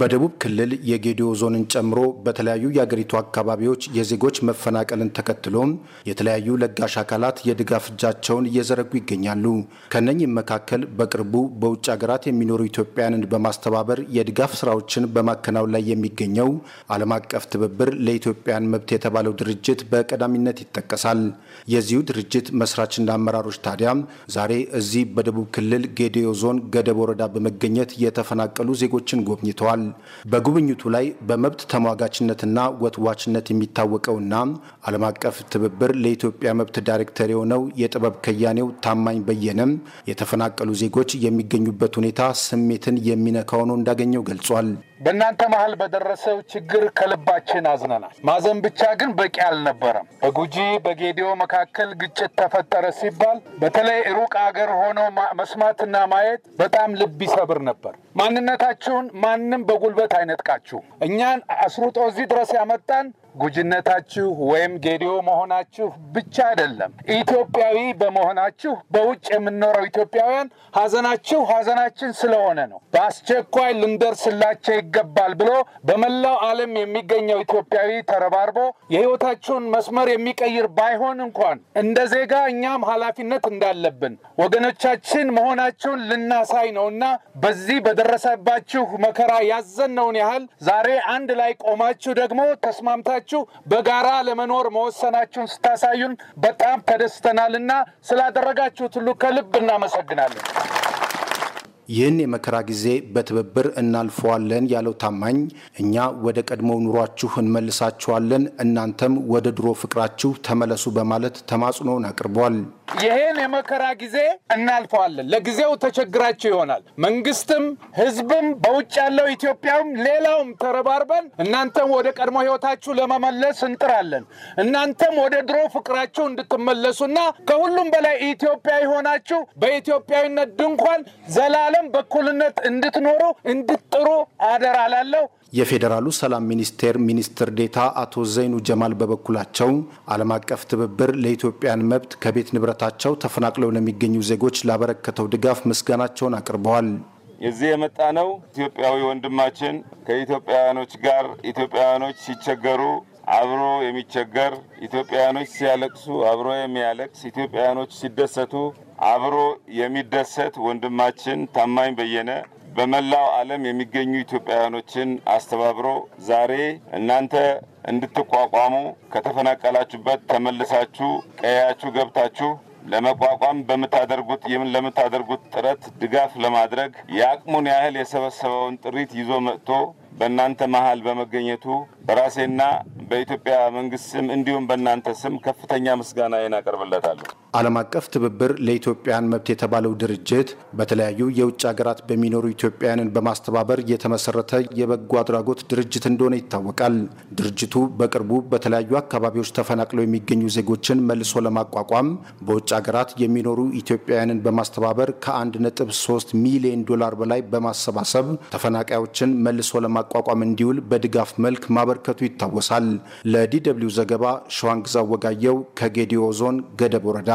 በደቡብ ክልል የጌዲዮ ዞንን ጨምሮ በተለያዩ የአገሪቱ አካባቢዎች የዜጎች መፈናቀልን ተከትሎም የተለያዩ ለጋሽ አካላት የድጋፍ እጃቸውን እየዘረጉ ይገኛሉ። ከነኝም መካከል በቅርቡ በውጭ ሀገራት የሚኖሩ ኢትዮጵያንን በማስተባበር የድጋፍ ስራዎችን በማከናወን ላይ የሚገኘው ዓለም አቀፍ ትብብር ለኢትዮጵያን መብት የተባለው ድርጅት በቀዳሚነት ይጠቀሳል። የዚሁ ድርጅት መስራችና አመራሮች ታዲያም ዛሬ እዚህ በደቡብ ክልል ጌዲዮ ዞን ገደብ ወረዳ በመገኘት የተፈናቀሉ ዜጎችን ጎብኝተዋል። ተገኝተዋል። በጉብኝቱ ላይ በመብት ተሟጋችነትና ወትዋችነት የሚታወቀውና ዓለም አቀፍ ትብብር ለኢትዮጵያ መብት ዳይሬክተር የሆነው የጥበብ ከያኔው ታማኝ በየነም የተፈናቀሉ ዜጎች የሚገኙበት ሁኔታ ስሜትን የሚነካው ነው እንዳገኘው ገልጿል። በእናንተ መሀል በደረሰው ችግር ከልባችን አዝነናል። ማዘን ብቻ ግን በቂ አልነበረም። በጉጂ በጌዲዮ መካከል ግጭት ተፈጠረ ሲባል በተለይ ሩቅ አገር ሆኖ መስማትና ማየት በጣም ልብ ይሰብር ነበር። ማንነታችሁን ማንም በጉልበት አይነጥቃችሁ። እኛን አስሩጦ እዚህ ድረስ ያመጣን ጉጅነታችሁ ወይም ጌዲዮ መሆናችሁ ብቻ አይደለም፣ ኢትዮጵያዊ በመሆናችሁ በውጭ የምንኖረው ኢትዮጵያውያን ሀዘናችሁ ሀዘናችን ስለሆነ ነው፣ በአስቸኳይ ልንደርስላቸው ይገባል ብሎ በመላው ዓለም የሚገኘው ኢትዮጵያዊ ተረባርቦ የሕይወታችሁን መስመር የሚቀይር ባይሆን እንኳን እንደ ዜጋ እኛም ኃላፊነት እንዳለብን ወገኖቻችን መሆናችሁን ልናሳይ ነውና በዚህ በደረሰባችሁ መከራ ያዘን ነውን ያህል ዛሬ አንድ ላይ ቆማችሁ ደግሞ ተስማምታ ሆናችሁ በጋራ ለመኖር መወሰናችሁን ስታሳዩን በጣም ተደስተናልና ስላደረጋችሁት ሁሉ ከልብ እናመሰግናለን። ይህን የመከራ ጊዜ በትብብር እናልፈዋለን ያለው ታማኝ እኛ ወደ ቀድሞው ኑሯችሁ እንመልሳችኋለን፣ እናንተም ወደ ድሮ ፍቅራችሁ ተመለሱ በማለት ተማጽኖውን አቅርቧል። ይህን የመከራ ጊዜ እናልፈዋለን። ለጊዜው ተቸግራችሁ ይሆናል። መንግስትም፣ ህዝብም፣ በውጭ ያለው ኢትዮጵያም፣ ሌላውም ተረባርበን እናንተም ወደ ቀድሞ ህይወታችሁ ለመመለስ እንጥራለን። እናንተም ወደ ድሮ ፍቅራችሁ እንድትመለሱና ከሁሉም በላይ ኢትዮጵያ የሆናችሁ በኢትዮጵያዊነት ድንኳን ዘላ ዓለም በኩልነት እንድትኖሩ እንድትጥሩ አደራ ላለሁ። የፌዴራሉ ሰላም ሚኒስቴር ሚኒስትር ዴታ አቶ ዘይኑ ጀማል በበኩላቸው ዓለም አቀፍ ትብብር ለኢትዮጵያን መብት ከቤት ንብረታቸው ተፈናቅለው ለሚገኙ ዜጎች ላበረከተው ድጋፍ ምስጋናቸውን አቅርበዋል። የዚህ የመጣ ነው ኢትዮጵያዊ ወንድማችን ከኢትዮጵያውያኖች ጋር ኢትዮጵያውያኖች ሲቸገሩ አብሮ የሚቸገር ኢትዮጵያውያኖች ሲያለቅሱ አብሮ የሚያለቅስ ኢትዮጵያውያኖች ሲደሰቱ አብሮ የሚደሰት ወንድማችን ታማኝ በየነ በመላው ዓለም የሚገኙ ኢትዮጵያውያኖችን አስተባብሮ ዛሬ እናንተ እንድትቋቋሙ ከተፈናቀላችሁበት ተመልሳችሁ ቀያችሁ ገብታችሁ ለመቋቋም በምታደርጉት የምን ለምታደርጉት ጥረት ድጋፍ ለማድረግ የአቅሙን ያህል የሰበሰበውን ጥሪት ይዞ መጥቶ በእናንተ መሀል በመገኘቱ በራሴና በኢትዮጵያ መንግስት ስም እንዲሁም በእናንተ ስም ከፍተኛ ምስጋናዬን አቀርብለታለሁ። ዓለም አቀፍ ትብብር ለኢትዮጵያን መብት የተባለው ድርጅት በተለያዩ የውጭ ሀገራት በሚኖሩ ኢትዮጵያውያንን በማስተባበር የተመሰረተ የበጎ አድራጎት ድርጅት እንደሆነ ይታወቃል። ድርጅቱ በቅርቡ በተለያዩ አካባቢዎች ተፈናቅለው የሚገኙ ዜጎችን መልሶ ለማቋቋም በውጭ ሀገራት የሚኖሩ ኢትዮጵያውያንን በማስተባበር ከ1.3 ሚሊዮን ዶላር በላይ በማሰባሰብ ተፈናቃዮችን መልሶ ለማ ለማቋቋም እንዲውል በድጋፍ መልክ ማበርከቱ ይታወሳል። ለዲደብሊው ዘገባ ሸዋንግዛ ወጋየው ከጌዲዮ ዞን ገደብ ወረዳ